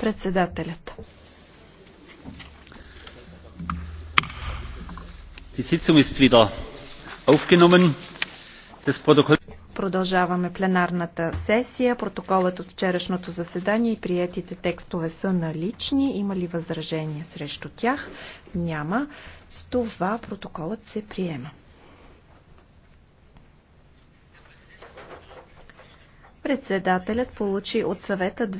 Председателят. Продължаваме пленарната сесия. Протоколът от вчерашното заседание и приетите текстове са налични. Има ли възражения срещу тях? Няма. С това протоколът се приема. Председателят получи от съвета две